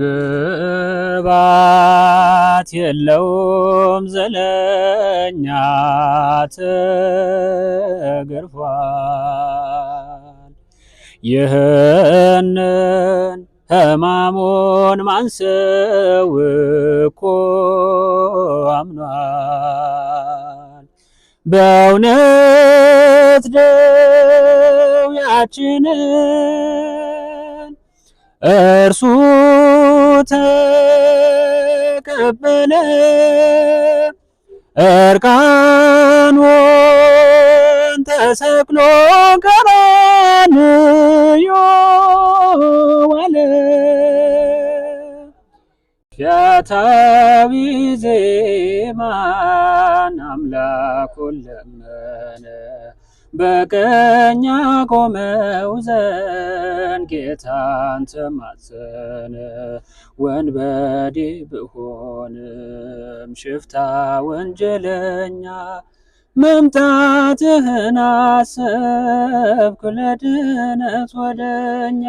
ግባት የለውም ዘለኛ ተገርፏል። ይህንን ሕማሙን ማንሰው እኮ አምኗል በእውነት ደውያችንን እርሱ ተቀበለ እርቃኑን ተሰቅሎ ቀራንዮ ዋለ ያታዊ ዜማን አምላኩን ለመነ በቀኛ አቆመው ዘንድ ጌታን ተማጸነ። ወንበዴ ብሆንም ሽፍታ ወንጀለኛ መምጣትህን አሰብኩ ለድነት ወደኛ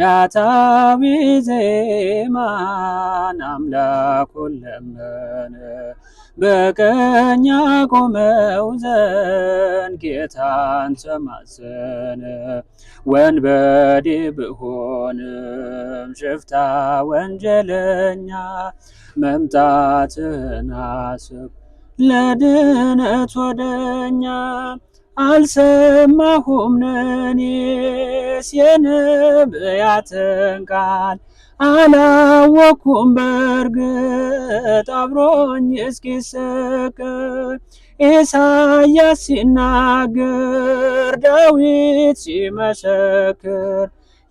ያታዊ ዜማን አምላኩን ለመነ በቀኝ ያቆመው ዘንድ ጌታን ተማጸነ። ወንበዴ ብሆንም ሽፍታ ወንጀለኛ መምጣትህን አስብ ለድነት ወደኛ አልሰማሁም ነኔስ የነቢያትን ቃል አላወኩም በርግጥ አብሮኝ እስኪሰክር ኢሳያስ ሲናገር ዳዊት ሲመሰክር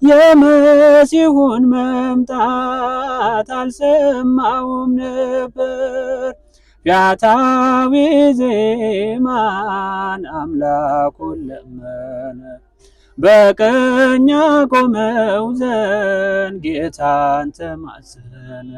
የመሲሁን መምጣት አልሰማውም ነበር። ቢያታዊ ዜማን አምላኩን ለመነ በቀኝ ቆመው ዘንድ ጌታን ተማጸነ።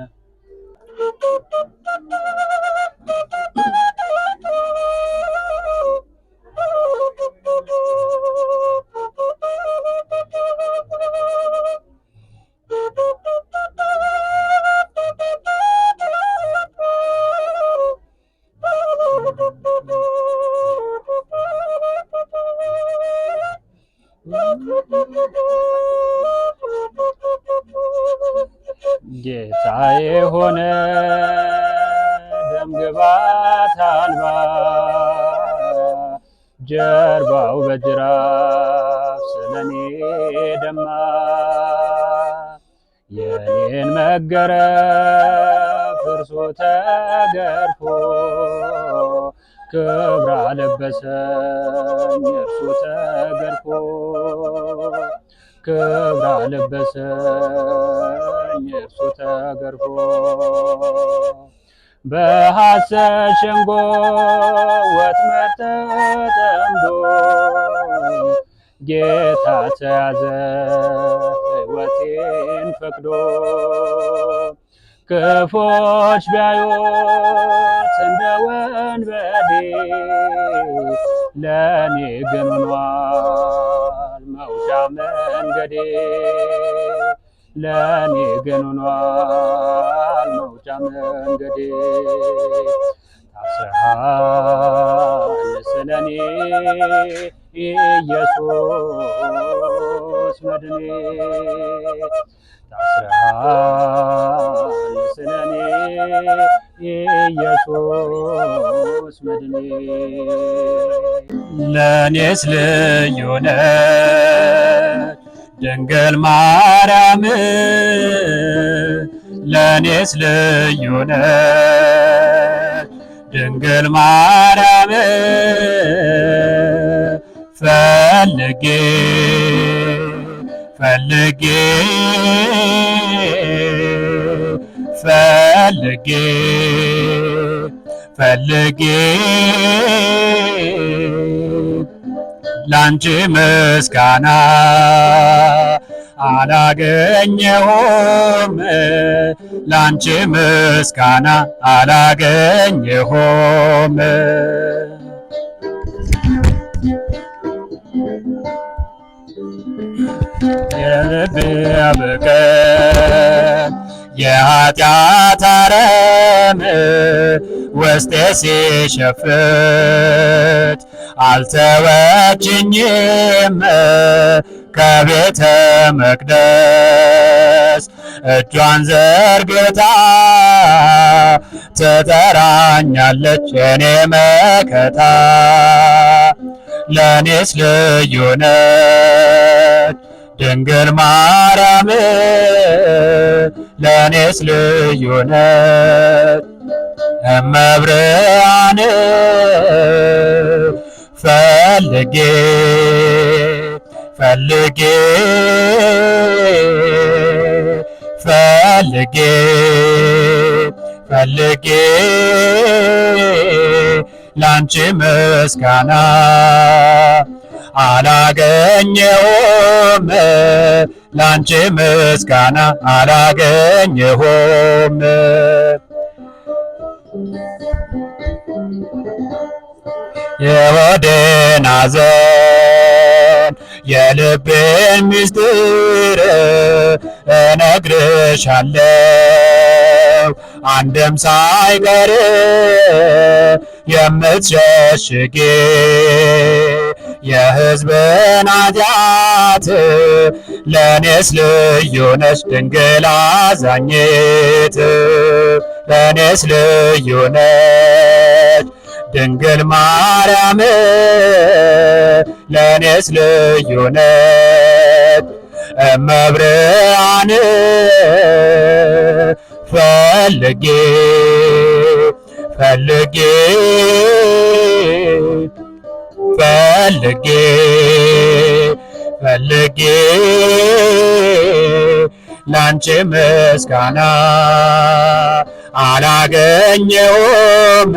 ጌታዬ የሆነ ደም ግባት አልባ ጀርባው በጅራፍ ስለኔ ደማ የኔን መገረፍ እርሶ ተገርፎ ክብር አለበሰኝ እርሱ ተገርፎ ክብር አለበሰኝ እርሱ ተገርፎ በሐሰት ሸንጎ ወጥመድ ተጠምዶ ጌታ ተያዘ ሕይወቴን ፈቅዶ ክፎች ቢያዩት እንደ ወንበዴ ለእኔ ግን ሆኗል መውጫ መንገዴ ለኔ ግን ሆኗል መውጫ መንገዴ ታስረሃል ስለኔ ኢየሱስ መድኔ ታስረሃል ስለኔ ኢየሱስ መድኔ ለእኔስ ልዩ ነች ድንግል ማርያም ለኔስ ልዩ ነሽ ድንግል ማርያም ፈልጌ ፈልጌ ፈልጌ ፈልጌ ላንቺ ምስጋና አላገኘሁም ላንቺ ምስጋና አላገኘሁም። የልቤ አበቀ የኃጢአት አረም ውስጤ ሲሸፍት አልተወችኝም ከቤተ መቅደስ እጇን ዘርግታ ትጠራኛለች የኔ መከታ ለእኔስ ልዩ ነች ድንግል ማርያም ለእኔስ ልዩ ነሽ እመብርሃን ፈልጌ ፈልጌ ፈልጌ ፈልጌ ላንቺ ምስጋና አላገኘውም ላንቺ ምስጋና አላገኘሁም። የወዴን ሐዘን የልቤን ምስጢር እነግርሻለሁ አንድም ሳይቀር የምትሸሽጌ የሕዝብን ኃጢአት ለእኔስ ልዩ ነሽ ድንግል አዛኝት ለእኔስ ልዩ ነሽ ድንግል ማርያም ለእኔስ ልዩ ነሽ እመብርሃን ፈልጌ ፈልጌ ፈልጌ ፈልጌ ላንቺ ምስጋና አላገኘሁም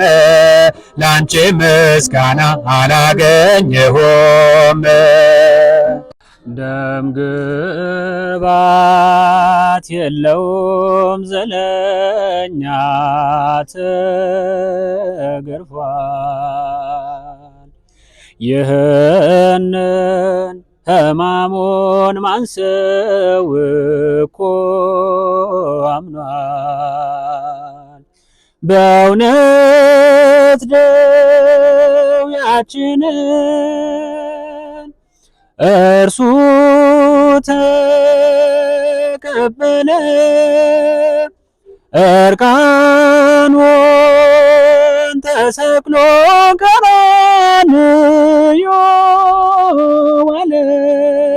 ላንቺ ምስጋና አላገኘሁም። ደምግባት የለውም ዘለኛ ተገርፏል ይህንን ሕማሙን ማንሰው እኮ አምኗል። በእውነት ደዌያችንን እርሱ ተቀበለ፣ እርቃኑን ተሰቅሎ عنه يعلم